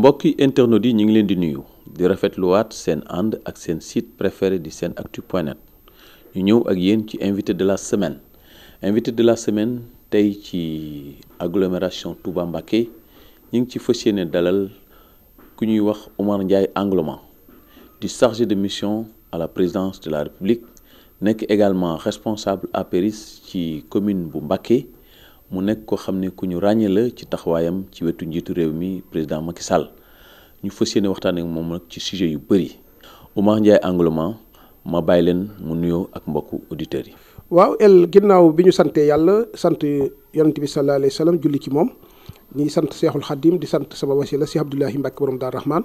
mbokki internautes yi ñu ngi leen di nuyu di rafetluwaat seen ànd ak seen site préféré di seen actu net ñu ñëw ak yéen ci invité de la semaine invité de la semaine tey ci agglomération Touba Mbacké ñu ngi ci fas yéene dalal ku ñuy wax Omar Ndiaye Angloma di chargé de mission à la présidence de la République nekk également responsable APRIS ci commune bu Mbacké mu nekk koo xam ne ku ñu ràññee la ci taxawaayam ci wetu njiitu réew mi président Macky Sall ñu fa yéene waxtaan ak moom nag ci sujet yu bëri Oumar Ndiaye Angloma ma bàyyi leen mu nuyoo ak mbokk auditeurs yi. waaw el ginnaaw bi ñu santee yàlla sant yonent bi sallallahu alayhi wa julli ci moom ñuy sant Seexul Xadim di sant sama wasila Seex Abdoulahi Mbacke borom Daar Rahman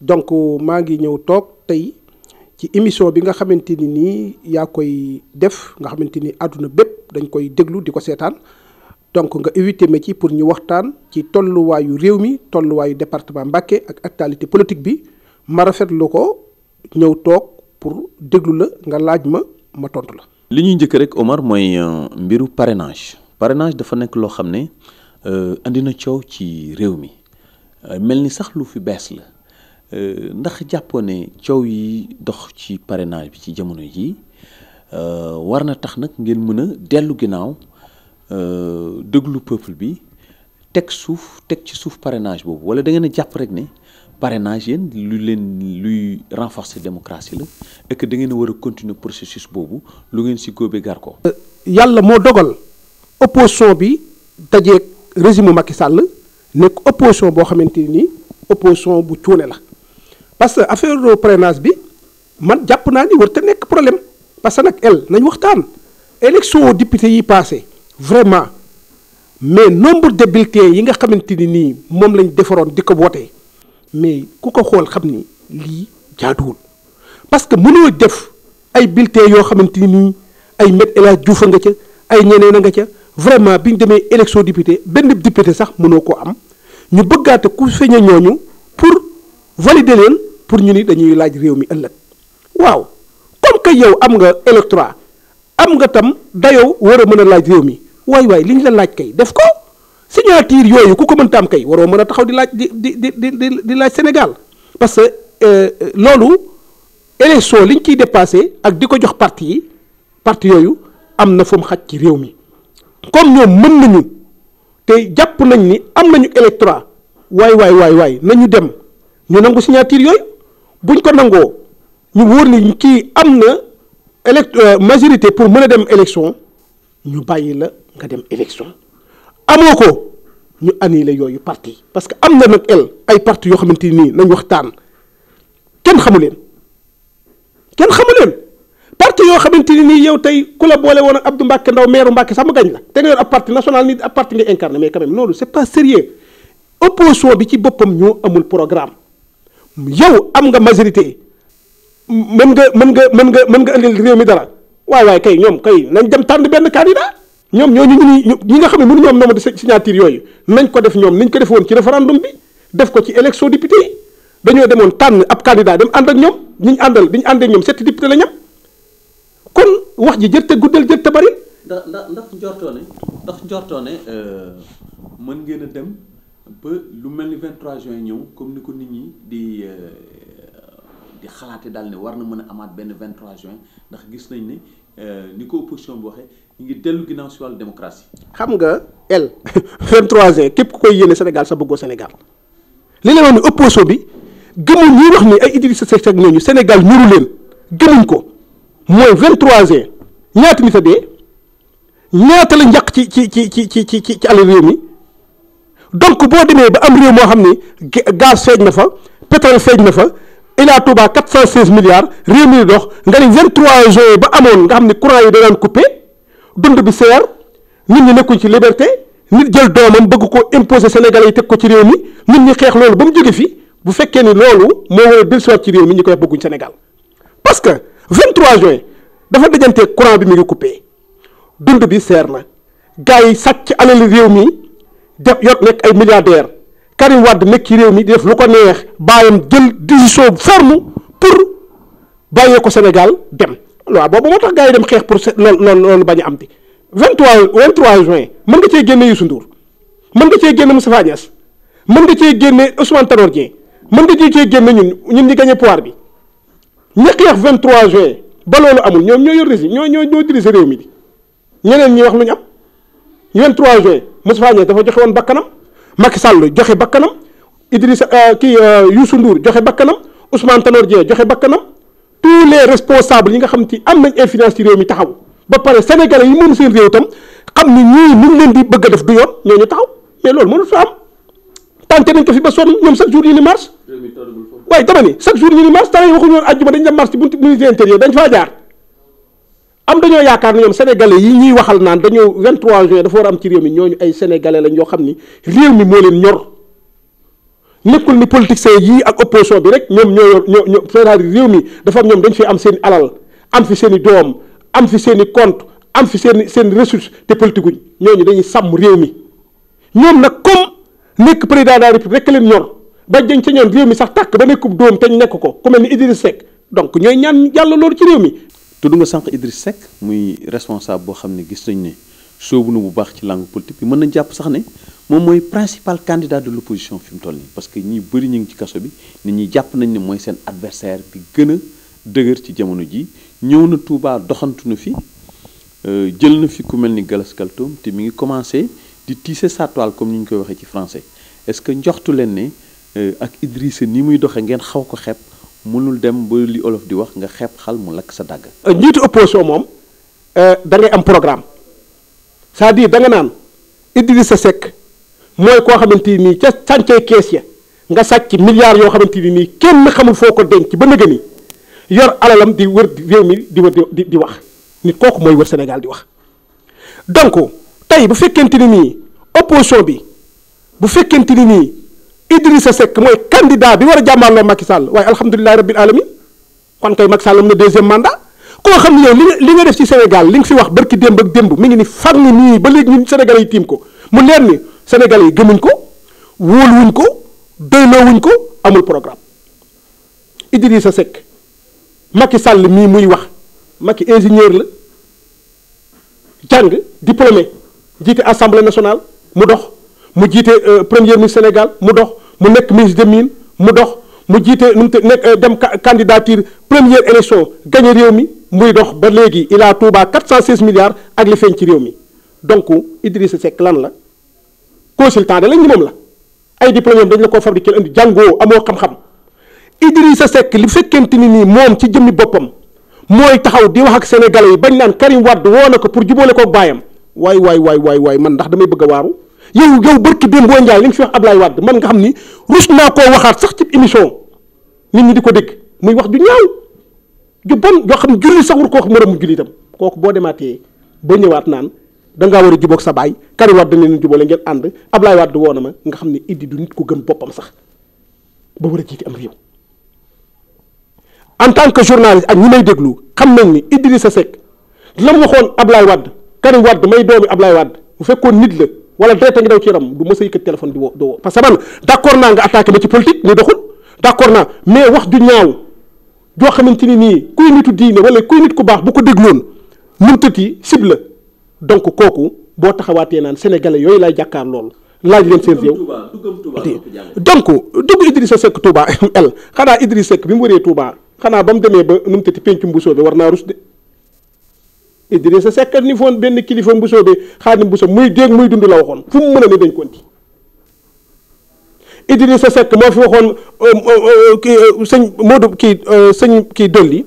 donc maa ngi ñëw toog tey ci émission bi nga xamante ni nii yaa koy def nga xamante ni àdduna bépp dañ koy déglu di ko seetaan. donc nga invité ma ci pour ñu waxtaan ci tolluwaayu réew mi tolluwaayu département Mbacké ak actualité politique bi ma rafetlu ko ñëw toog pour déglu la nga laaj ma ma tontu la. li ñuy njëkk rek Omar mooy euh, mbiru parenage parrainage dafa nekk loo xam ne euh, andi na coow ci réew mi euh, mel ni sax lu fi bees la ndax jàppoo ne coow yi dox ci parenage bi ci jamono ji war na tax nag ngir mën a dellu ginnaaw. Euh, déglu peuple bi teg suuf teg ci suuf parrainage boobu wala da ngeen jàpp rek ne parrainage yéen lu leen luy renforcer démocratie la et que da ngeen war a continuer processus boobu lu ngeen si góobee gar ko. Euh, yàlla moo dogal opposition bi dajeeg régime Macky sàll nekk opposition boo xamante ni opposition bu cuune la parce que affaire parrainage bi man jàpp naa ni war te nekk problème parce que nag el nañ waxtaan élection député yi passé vraiment mais nombre de bulletins yi nga xamante ni nii moom lañ defaroon di ko wote mais ku ko xool xam ni lii jaaduwul parce que mënoo def ay bulletins yoo xamante ni nii ay Me El Hadji a nga ca ay ñeneen a nga ca vraiment bi ñu demee élection député benn député sax mënoo ko am ñu bëggaate ku feeña ñooñu pour valider leen pour ñu nii dañuy laaj réew mi ëllëg waaw comme que yow am nga électorat am nga tam dayoo war a mën a laaj réew mi waay waay li ñu la laaj kay def ko signature yooyu ku ko mën am kay waroo mën a taxaw di laaj di di di di laaj Sénégal parce que euh, euh, loolu élection liñ ñu ciy dépassé ak di ko jox parti yi parti yooyu am na fu mu xaj ci réew mi comme ñoom mën nañu te jàpp nañ ni am nañu électorat waay waay waay waay nañu dem ñu nangu signature yooyu buñ ko nangoo ñu wóor ni kii am na élect euh, majorité pour mën a dem élection ñu bàyyi la. nga dem élection amoo ko ñu annulé yooyu parti parce que am na nag el ay parti yoo xamante nii nañ waxtaan kenn xamu leen kenn xamu leen parti yoo xamante ni nii yow tey ku la boole woon ak Abdou Mbacke Ndaw maire Mbacke sax mu gañ la te nga yor ab parti national ni ab parti nga incarné mais quand même loolu c'est pas sérieux opposition bi ci boppam ñoo amul programme yow am nga majorité mën nga mën nga mën nga mën nga indil réew mi dara waaye waaye kay ñoom kay nañ dem tànn benn candidat ñoom ñooñu ñu ni ñi nga xam ne mënu ñoom nombre de signature yooyu nañ ko def ñoom niñ ko def woon ci référendum bi def ko ci élection député yi dañoo demoon tànn ab candidat dem ànd ak ñoom ñi ñu àndal bi ñu àndee ñoom setti député la ñam kon wax ji jërte guddal jërte bari ndax ndax njortoo ne ndax njortoo ne euh, mën ngeen a dem ba lu mel ni 23 juin ñëw comme ni ko nit ñi di euh, di xalaate daal ne war na mën a amaat benn 23 juin ndax gis nañ ne euh, ni ko opposition bi waxee ñu ngi dellu ginnaaw si wàllu démocratie. xam nga el 23 juin képp ku koy yéene Sénégal sa bëggoo Sénégal li la wax ni bi gëmuñ ñuy wax ni ay Idrissa Seck ak ñooñu Sénégal ñuru leen gëmuñ ko mooy 23 juin ñaata nit a ñaata la njàq ci ci ci ci ci ci ci alal réew mi donc boo demee ba am réew moo xam ni gaz feeñ na fa pétrole feeñ na fa. Ila Touba 416 milliards réew mi dox nga ni 23 juin ba amoon nga xam ni courant yi da daan coupé dund bi seer nit ñi nekkuñ ci liberté nit jël doomam bëgg ko imposer sénégal yi teg ko ci réew mi nit ñi xeex loolu ba mu jóge fi bu fekkee ni loolu moo mi ñu koy bëgguñ Sénégal parce que 23 juin dafa dajante courant bi mi ngi coupé dund bi seer na gars yi sàcc alal réew mi def yor nekk ay milliardaires. Karim Wade nekk ci réew mi di def lu ko neex bàyyam jël décision ferme pour bàyyee ko Sénégal dem waaw boobu moo tax gars yi dem xeex pour lool lool loolu bañ a am bi 23 23 juin mën nga cee génne Youssou Ndour mën nga cee génne Moustapha Niasse mën nga cee génne Ousmane Tanor Dieng mën nga cee génne ñun ñun ñi gagné pouvoir bi ñi xeex 23 juin ba loolu amul ñoom ñoo yor rési ñoo ñoo ñoo dirigé réew mi bi ñeneen ñi wax lu ñu am 23 juin Moustapha Niasse dafa joxe woon bakkanam. Macky Sall joxe bakkanam Idrissa euh, kii euh, Youssou Ndour joxe bakkanam Ousmane Tanor Dieng joxe bakkanam tous les responsables yi nga xam ci am nañ influence ci réew mi taxaw ba pare sénégalais yi moom seen réew itam xam ni ñii ñu leen di bëgg def du yoon ñooñu taxaw mais loolu mënul fa am tànte nañ ko fi ba sonn ñu ni marche waaye dama ni chaque jour ñu ni marche tara waxuñu woon àjjuma dañ dem marche ci buntu ministère intérieur dañ faa jaar am dañoo yaakaar na ñoom sénégalais yi ñuy waxal naan dañoo 23 juin dafa war am ci réew mi ñooñu ay sénégalais lañ yoo xam ni réew mi moo leen ñor nekkul ni politiciens yii ak opposition bi rek ñoom ñoo yor ñoo ñoo réew mi dafa am ñoom dañ fi am seen alal am fi seen i doom am fi seen i compte am fi seen seen ressource te politique guñ ñooñu dañuy sàmm réew mi ñoom nag comme nekk président de rekk leen ñor ba dañ ca ñoom réew mi sax tàkk ba nekkub doom te ñu nekk ko ku mel ni Idriss Seck donc ñooy ñaan yàlla loolu ci réew mi. tudd nga sànq Idriss Seck muy responsable boo xam ne gis nañ ne soobu nu bu baax ci langue politique bi mën nañ jàpp sax ne moom mooy principal candidat de l'opposition fi mu toll nii parce que ñi bëri ñu ngi ci kaso bi nit ñi jàpp nañ ne mooy seen adversaire bi gën a dëgër ci jamono ji ñëw na Touba doxantu na fi euh, jël na fi ku mel ni Galas Kaltoum te mi ngi commencé di tisser sa toile comme ni ñu koy waxee ci français est-ce que njoxtu leen ne euh, ak Idrissa ni muy doxee ngeen xaw ko xeeb mënul dem ba li olof di wax nga xeeb xal mu lakk sa dàgg. Euh, njiitu opposition moom euh, da ngay am programme c'est-à-dire da nga naan sa Seck mooy koo xamante nii ca sàncee kees ya nga sàcc milliards yoo xamante ni nii kenn xamul foo ko denc ba nëgë ni yor alalam di wër réew mi di wër di di wax nit kooku mooy wër Sénégal di wax donc tey bu fekkente ni nii opposition bi bu fekkente ni nii. Idrissa Seck mooy candidat bi war a jàmmaarloo Macky Sall waaye alhamdulilah rabbil alamin kon kay Macky Sall am na deuxième mandat koo xam ne yow li nga li nga def ci Sénégal li nga fi wax barki démb ak démb mi ngi ni far ni nii ba léegi ñun Sénégalais yi tiim ko mu leer ni Sénégalais yi gëmuñ ko wóoluwuñ ko doyloowuñ ko amul programme sa Seck Macky Sall mii muy wax Macky ingénieur la jàng diplômé jiite assemblée nationale mu dox. mu jiite euh, premier ministre Sénégal mu dox mu nekk ministre de mines mu dox mu jiite nu mu nekk euh, dem candidature première élection gagné réew mi muy dox ba léegi il a Touba 416 milliards ak li feeñ ci réew mi donc Idrissa Seck lan la consultant de lañ ni moom la ay diplôme dañ la ko fabriqué indi jàngoo amoo xam-xam Idrissa sekk li fekkente ni nii moom ci jëmmi boppam mooy taxaw di wax ak sénégalais yi bañ naan Karim Wade woo na ko pour jubóole ko baayam waay waay waay waay waay man damay bëgg a waaru. yow yow barki Demba Ndiaye li nga fi wax Ablaye Wade man nga xam ni rus naa koo waxaat sax ci émission nit ñi di ko dégg muy wax ju ñaaw ju bon yoo xam ne julli sax war koo wax moromu jullitam kooku boo demaatee ba ñëwaat naan da ngaa war a sa baay Karim Wade dana leen jubóole ngeen ànd Ablaye Wade ma nga xam ne Iddi du nit ko gëm boppam sax ba war a jiite am réew. en tant que journaliste ak ñi may déglu xam nañ ni sa Seck la mu waxoon Ablaye Wade Karim Wade may doomi Ablaye Wade bu fekkoon nit la. wala deret a ngi daw ci yaram du mës a yëkkati téléphone di woo di woo parce man d' naa nga attaqué ma ci politique ni doxul d' naa mais wax ju ñaaw joo xamante ni nii kuy nitu diine wala kuy nit ku baax bu ko dégloon mëntat yi cible donc kooku boo taxawaatee naan sénégalais yooyu laay jàkkaar lool laaj leen seen réew donc dugg Idrissa Seck Touba el xanaa Idrissa Seck bi mu waree Touba xanaa ba mu demee ba nu mu tëti pencum bu soobee war naa rus de Idrissa Seck ni foon benn kilifa Mbuso bi Xaadim Mbuso muy déeg muy dund la waxoon fu mu mën a ne dañ ko indi Idrissa Seck moo fi waxoon euh, euh, euh, kii sëñ Modou kii sëñ kii Dolli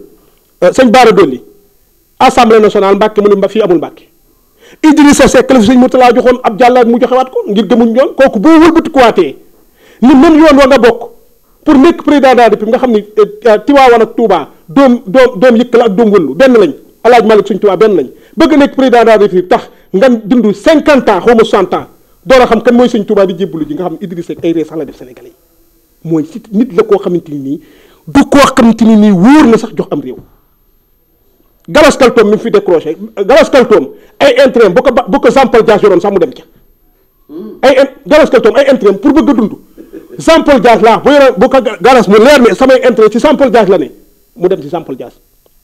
sëñ Baara Dolli assemblée nationale Mbàkke mu ne fii amul Mbàkke Idrissa Seck la fi sëñ Mourtala joxoon ab jàllaat mu joxewaat ko ngir gëmuñ ñoon kooku boo wëlbatikuwaatee ni même yoon wa nga bokk pour nekk président de la nga xam ni Tiwaawan ak Touba doom doom doom yëkk lañ. alaaj Malick Sëñ Tuubaa benn lañ bëgg nekk président de la République tax nga dund cinquante ans xaw ma soixante ans door a xam kan mooy Sëñ Tuubaa di nga xam Idrissa Seck ay ree sax nit la koo xamante ni nii du koo xamante ni na sax jox am réew Galas Kaltoom mi mu fi décroché Galas Kaltoom ay intérêt bu ko ba bu ko Jean-Paul Dias sax mu dem ca ay in Galas Kaltoom ay intérêt pour bëgg a dund Jean-Paul Dias laa bu yoroon bu ko Galas mu leer ne samay intérêt ci Jean-Paul la mu dem ci Jean-Paul Dias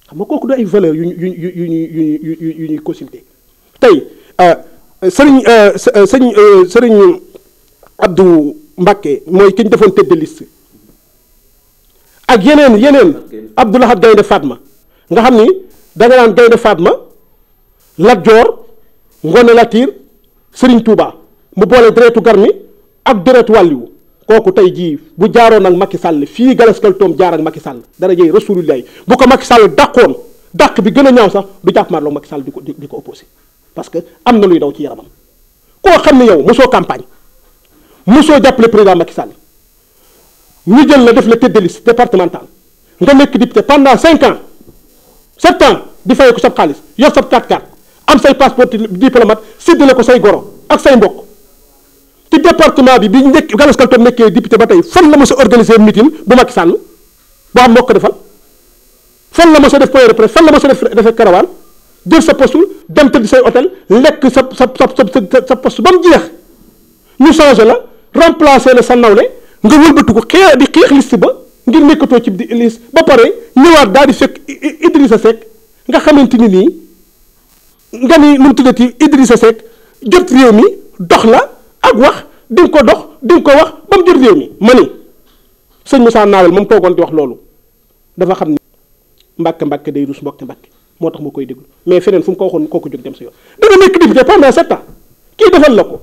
xam nga kooku du ay valeur yu ñu yu ñu yu ñu yu ñu yu ñuy consulter tey sëriñ sëriñ sëriñ Abdou Mbacke mooy ki ñu defoon tête de ak yeneen yeneen Abdou Lahad Gaynde ma nga xam ni da nga naan Gaynde Fatma Lat Joor Ngone Latiir Sëriñ Tuuba mu boole deretu garmi ak deretu wàlliwu kooku tey jii bu jaaroon ak Macky Sall fii Galaskal Tom jaar ak Macky Sall dara jëy rasulullah bu ko Macky Sall dàqoon daq bi gën a ñaaw sax du jàppaarloo Macky Sall di ko di ko opposé parce que am na luy daw ci yaramam. koo xam ne yow soo campagne mosoo jàppale président Macky Sall ñu jël la def la tête si liste nga nekk député pendant cinq ans sept ans di fay ko sab xaalis yor sab 4-4 am say passeport diplomate séddale ko say goro ak say mbokk. ci département bi bi nekk Gallas Kaltom nekkee député ba tey fan la mos a organiser meeting bu Macky Sall boo xam moo ko defal fan la ma a def point de presse fan def defee karawaan jël sa poste dem tëdd say hôtel lekk sa sa sa sa poste ba mu jeex ñu changé la remplacé la sa nawle nga wëlbatu ko xeex di xeex ba ngir nekkatoo ci di liste ba pare ñëwaat daal di fekk Idrissa Seck nga xamante ni nii nga ni nu mu tuddati Idrissa Seck jot réew mi dox la. ak wax di ko dox di ko wax ba mu jël réew mi ma ni sëñ Moussa Nawel moom toogoon di wax loolu dafa xam ni mbàkk mbàkk day rus mbokk mbàkk moo tax ma koy déglu mais feneen fu mu ko waxoon kooku jóg dem sa yoon. dana nekk député pendant sept ans kii defal la ko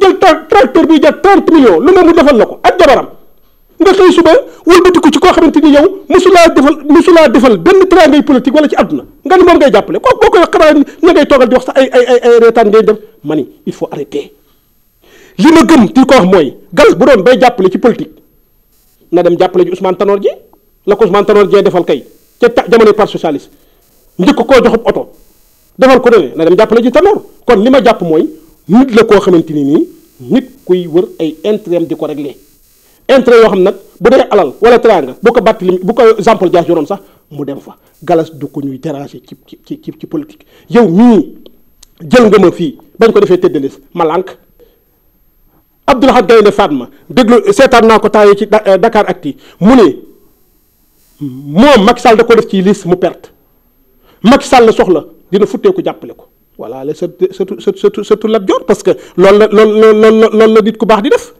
jël tracteur bi jël 30 millions lu ne mu defal la ko ak jabaram nga xëy suba wëlbatiku ci koo xamante ni yow mosulaa defal mosulaa defal benn teraangay politique wala ci àdduna nga ni moom ngay jàppale kooku boo koy xabaar ña ngay toogal di wax sax ay ay ay reetaan ngay dem ma ni il faut arrêter. li ma gëm di ko wax mooy gal bu doon bay jàppale ci politique na dem jàppale ji Ousmane Tanor ji la ko Ousmane Tanor Dieng defal kay ca jamonoy parti socialiste njëkk koo joxub oto defal ko done na dem jàppale ji Tanor kon li ma jàpp mooy nit la koo xamante ni nii nit kuy wër ay intérêt di ko régler intérêt yoo xam nag bu dee alal wala teraanga bu ko Barthélémy bu ko Jean-Paul Dias sax mu dem fa galas du ko ñuy déranger ci ci ci ci politique yow mii jël nga ma fii bañ ko defee tëddalist ma Abdou Lahad Gaynde Fatma déglu seetaan naa ko taayee ci euh, Dakar Actu mu ne moom Macky Sall da ko def ci liste mu perte Macky sal la soxla dina futtee ko jàppale ko voilà la surtout surtout surtout Lat Joor parce que loolu la loolu la loolu la nit ku baax di def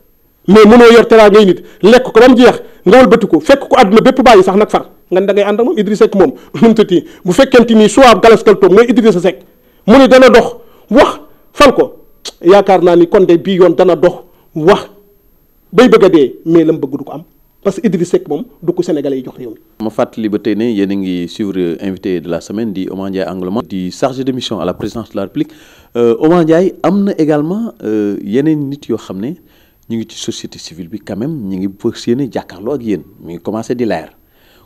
mais mënoo yor te teraa ngay nit lekk ko ba mu jeex nga wëlbati ko fekk ko àdduna bépp bàyyi sax nag far nga ne da ngay ànd ak moom Idrissa Seck moom nu mu tëddee bu fekkente ni soit Galas Kaltoom mooy Idrissa Seck mu ne dana dox wax fal ko yaakaar naa ni kon bii yoon dana dox. wax bay bëgg a dee mais lam bëgg du ko am parce que Idriss Seck moom du ko Sénégalais yi jox réew mi. ma fàttali ba tey ne yéen a ngi suivre invité de la semaine di Oumar Ndiaye Angloma di chargé de mission à la présidence de la République euh, Oumar am na également euh, yeneen nit yoo xam ne ñu ngi ci société civile bi quand même ñu ngi fas yéene jàkkaarloo yéen mi ngi commencé di leer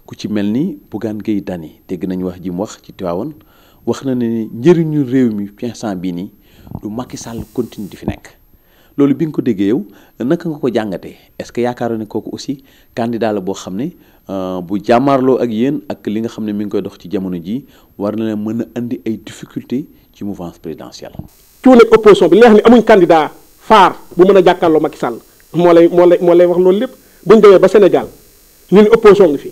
ku ci mel ni Bougane Gueye Dany dégg nañu wax ji mu wax ci Tivaouane wax na ne njëriñu réew mi instant bii nii du Macky Sall continue di fi nekk. loolu bi nga ko déggee yow naka nga ko jàngate est-ce que yaakaaroon ne kooku aussi candidat la boo xam ne euh, bu jàmmaarloo ak yéen ak li nga xam ne mu ngi koy dox ci jamono jii war na leen mën a indi ay difficultés ci mouvance présidentielle. cuune opposition bi nga xam ne amuñ candidat faar bu mën a jàkkaarloo Macky Sall moo lay moo lay moo lay wax loolu lépp buñ demee ba Sénégal ñu ne opposition ngi fi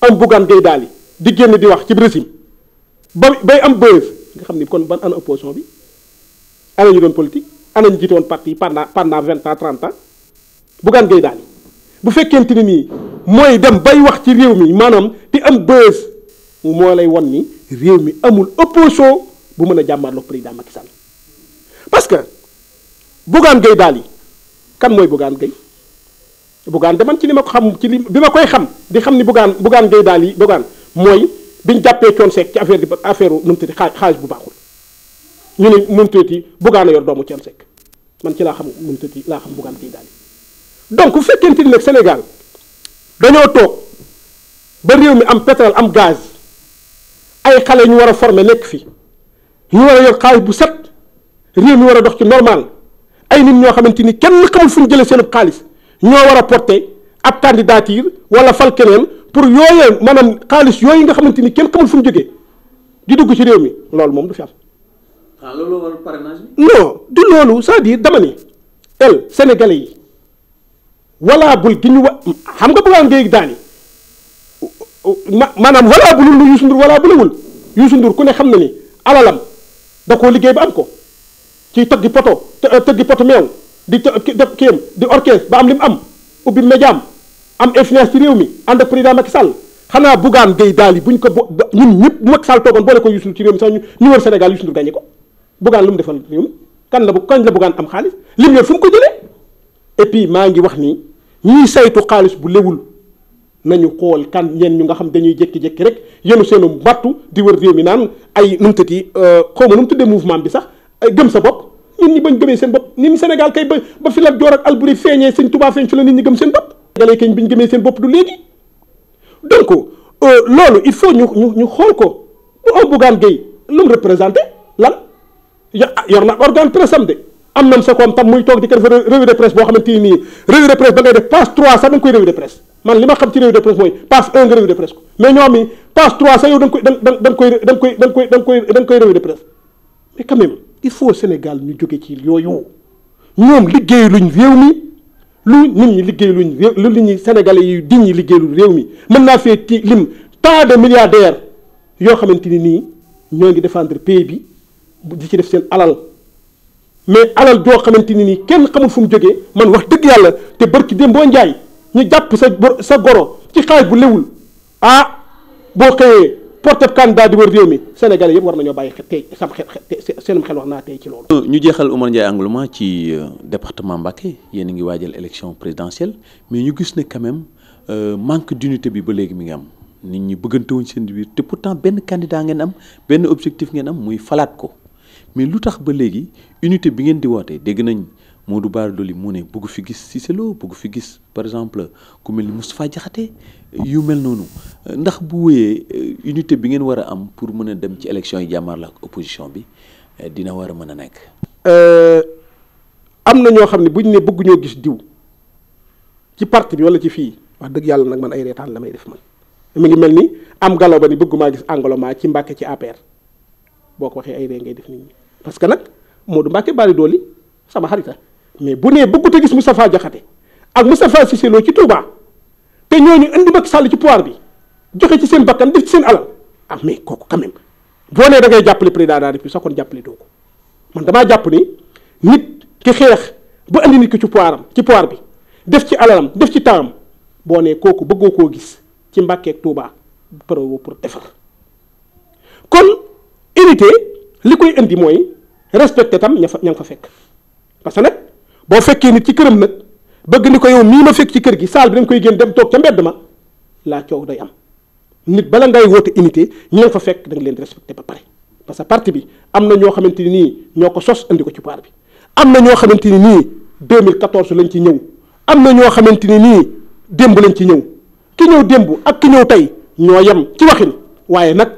am Bougane Gueye di génn di wax ci régime ba bay am bërëb nga xam ni kon ban an opposition bi ana ñu doon politique. ana ñu jiite woon parti pendant pendant vingt ans trente ans Bougane Gueye bu fekkente ni nii mooy dem bay wax ci réew mi maanaam di am bës moo lay won ni réew mi amul opposition bu mën a jàmmaarloog président Macky Sall parce que Bougane Gueye Dany kan mooy Bougane Gueye Bougane de man ci li ma ko xam ci li bi ma koy xam di xam ni Bougane Bougane daal Dany Bougane mooy biñ jàppee coon ci affaire bi affaire nu xaalis bu baaxul ñu ne nu mu yoon doomu coon man ci laa xam mën tëti laa xam buggaan kii daal donc bu fekkente ni nag Sénégal dañoo toog ba réew mi am pétrole am gaz ay xale ñu war a forme nekk fii ñu war a yor xaalis bu set réew mi war a dox ci normal ay nit ñoo xamante ni kenn xamul fu ñu jëlee seen xaalis ñoo war a porter ab candidature wala fal keneen pour yooyee maanaam xaalis yooyu nga xamante ni kenn xamul fu mu jógee di dugg ci réew mi loolu moom du fi am. ah loolu waral parrainage bi. non du loolu c'est-à-dire dama ni el sénégalais yi walaa bul gi ñu wa xam nga bëggoon ngay daani ma maanaam walaa bulul lu Youssou Ndour walaa bulawul Youssou Ndour ku ne xam na ni alalam da koo liggéey ba am ko ci tëggi poto euh, tëggi poto meew di def kéem di orchestre ba am li am ubbi médiam am influence ci réew mi ànd ak président Macky Sall xanaa Bougane Gueye Dany buñ ko bo ñun ñëpp bu Macky Sall toogoon boole ko Youssou ci réew mi sax ñu wër Sénégal Youssou Ndour gagné ko. bugaan lu mu defal réew kan la bu kañ la bugaan am xaalis lim yor fu mu ko jëlee et puis maa ngi wax nii ñuy saytu xaalis bu lewul nañu xool kan ñeen ñu nga xam dañuy jékki-jékki rek yenu seenu mbattu di wër réew mi naan ay nu mu tëddi euh, xaw ma nu mu tuddee mouvement bi sax gëm sa bopp nit ñi bañ gëmee seen bopp nit ñi Sénégal kay ba ba fi la joor ak Alburi feeñee sëñ Tuubaa feeñ fi la nit ñi gëm seen bopp. Sénégalais kañ bi ñu gëmee seen bopp du léegi donc euh, loolu il faut ñu ñu ñu xool ko bu am Bougane Gueye lu mu représenté lan. yor na organe presse am de am nam sa koom tam muy toog di ko def revue de presse koy revue de ko mais ñoom ñu jóge ci yooyu moom liggéey luñ réew mi lu nit ñi liggéey luñ lu nit ñi sénégal yi di ñi liggéey lu réew mi mën naa fee ci lim tant de milliardaires yoo xamante ni nii ñoo ngi défendre pays bi di ci def seen alal mais alal joo xamante ni nii kenn xamul fu mu jógee man wax dëgg yàlla te barki dem boo njaay ñu jàpp sa sa goro ci xaaj bu lewul ah boo xëyee porteb candidat di wër réew mi Sénégalais yëpp war nañoo bàyyi xel tey sam xel seenum xel wax naa tey ci loolu. ñu jeexal Oumar Ndiaye Angloma ci euh, département Mbacké yéen a ngi waajal élection présidentielle mais ñu gis ne quand même euh, manque d'unité bi ba léegi mi ngi am nit ñi bëggante wuñ seen biir te pourtant benn candidat ngeen am benn objectif ngeen am muy falaat ko. mais lu tax ba léegi unité bi ngeen di wootee dégg nañ moo du Bara Dolly mu ne bëgg fi gis Cissé Lo bëgg fi gis par exemple ku mel ni Moustapha Diakhaté yu mel noonu ndax bu wéyee euh, unité bi ngeen war a am pour mën a dem ci élection yi jàmmarloo ak opposition bi euh, dina war a mën a nekk. Euh, am na ñoo xam ne bu ñu ne bëgg ñoo gis diw ci parti bi wala ci fii wax dëgg yàlla nag man ay reetaan la may def man mi ngi mel ni am galaw ba ni bëggumaa gis Angloma ci Mbàkke ci APR. boo ko waxee ay ree ngay def nit ñi parce que nag moo Modou Mbacke bari dool dooli sama xarita mais bu nee bëggut a gis Moustapha Diakhaté ak Moustapha Cissé Lo ci Touba te ñooñu indi Macky Sall ci pouvoir bi joxe ci seen bakkan def ci seen alal ah mais kooku quand boo nee da ngay jàppale président de la sa sax kon jàppale doo ko man damaa jàpp ni nit ki xeex ba indi nit ki ci pouvoiram ci poir bi def ci alalam def ci temps boo nee kooku bëggoo koo gis ci Mbàkke Touba pour unité li koy indi mooy respecté tam ña fa ña fa fekk parce que nag boo fekkee nit ci këram nag bëgg ni ko yow mii ma fekk ci kër gi saal bi dañ koy génn dem toog ca mbedd ma laa coow day am nit bala ngay woote unité ñi fa fekk da leen di ba pare parce que parti bi am na ñoo xamante ni nii ñoo ko sos andi ko ci paar bi am na ñoo xamante ni nii 2014 lañ ci ñëw am na ñoo xamante ni nii démb lañ ci ñëw ki ñëw ak ki tey ñoo yem ci waxin waaye nag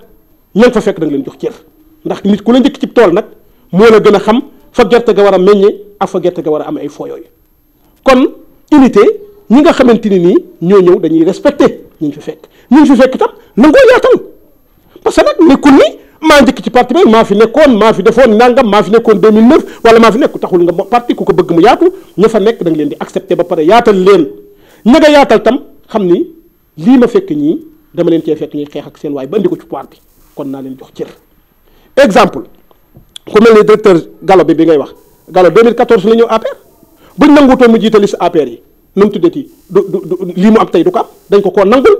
ña nga fa fekk jox cër ndax nit ku la njëkk ci tool nag moo la gën a xam fa gerte ga war a meññee ak fa gerte ga war a am ay fooyooyu kon unité ñi nga xamante ni nii ñoo ñëw dañuy respecté ñu ngi fi fekk ñu ngi fi fekk tam nangoo yaatal parce que nag nekkul ni maa njëkk ci parti bi maa fi nekkoon maa fi defoon nangam maa fi nekkoon 2009 wala maa fi nekk taxul nga parti ku ko bëgg mu yaatu ña fa nekk da leen di accepté ba pare yaatal leen ña nga yaatal tam xam ni lii ma fekk ñii dama leen cee fekk ñuy xeex ak seen waay ba andi ko ci pouvoir kon naa leen jox cër. exemple ku mel ni directeur Gallo bi bi ngay wax Gallo 2014 la ñëw APR buñ nanguwutoo mu jiite liste APR yi nu mu tuddati du du lii mu am tey du ko am dañ ko koo nangul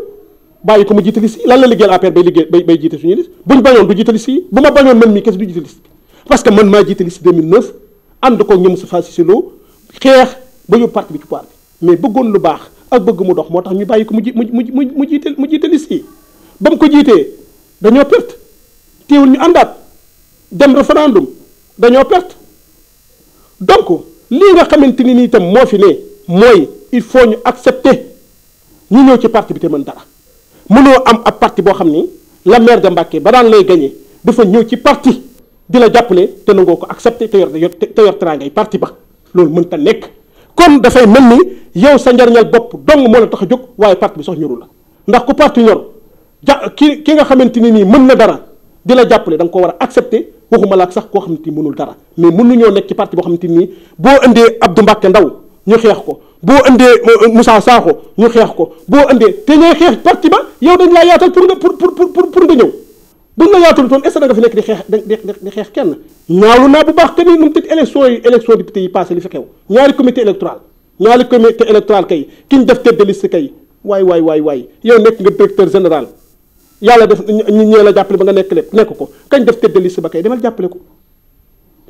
ko mu jiite liste lan la liggéeyal APR bay liggéey bay bay jiite suñu liste buñ bañoon du jiite liste yi bu ma bañoon man mii kes du jiite xeex ba yóbbu bi ci mais bëggoon lu baax ak bëgg mu moo tax ñu bàyyi ko mu ji mu mu mu jiite mu jiite liste yi ba mu ko jiitee dañoo perte teewul ñu àndaat. dem référendum dañoo perte donc lii nga xamante ni nii itam moo fi ne mooy il faut ñu accepter ñu ñëw ci parti bi te mën dara mënoo am ab parti boo xam ni la maire de Mbacké ba daan lay gagné dafa ñëw ci parti di la jàppale te nangoo ko accepté te yor te yor teraangay parti ba loolu mën ta nekk kon dafay mel ni yow sa njariñal bopp dong moo la tax jóg waaye parti bi sax ñoru la ndax ku parti ñor ja ki ki nga xamante ni nii mën na dara di la jàppale danga ko war a accepté waxuma la ak sax koo xam ne mënul dara mais mën nañoo nekk ci parti boo xam ne nii boo indee Abdou Mbacke Ndaw ñu xeex ko boo indee euh, euh, Moussa Sakho ñu xeex ko boo indee te ñooy xeex parti ba yow dañ laa yaatal pour nga pour pour pour nga ñëw buñ la yaatalu toon est-ce fi nekk di xeex di xeex kenn ñaawlu naa bu baax te ni moom tëj élection yi élection député yi passé li fi xew ñaari comité électoral kay ki def tête de liste kay waay waay waay waay yow nekk nga directeur général yàlla def ñu ñëw la jàppale ba nga nekk lépp nekk ko kañ def tëdd liste ba kay demal jàppale ko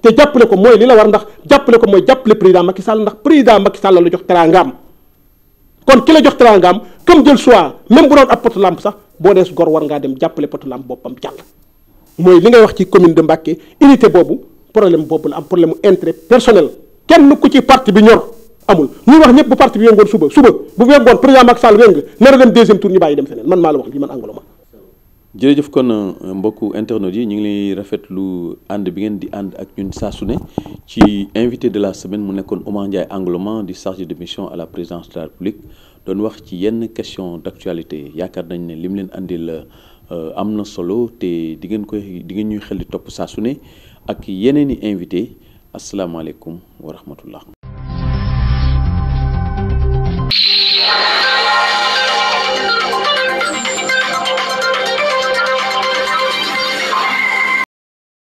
te jàppale ko mooy li la war ndax jàppale ko mooy jàppale président Macky Sall ndax président Macky Sall la jox teraangaam kon ki la jox teraangaam comme jël choix même bu doon ab potu làmp sax boo dees gor war ngaa dem jàppale potu làmp boppam jàll mooy li ngay wax ci commune de Mbacké unité boobu problème boobu la am problème intérêt personnel kenn ku ci parti parti bi wengoon jërëjëf kon euh, mbokku internautes yi ñu ngi lay rafetlu ànd bi ngeen di ànd ak ñun saa su ne ci invité de la semaine mu nekkoon Oumar Ndiaye Angloma di chargé de mission à la présidence de la République doon wax ci yenn question d'actualité yaakaar nañ ne lim leen àndil euh, am na solo te di ngeen koy di ngeen ñuy xel di topp saa ne ak yeneen i invité asalaamaaleykum wa rahmatullah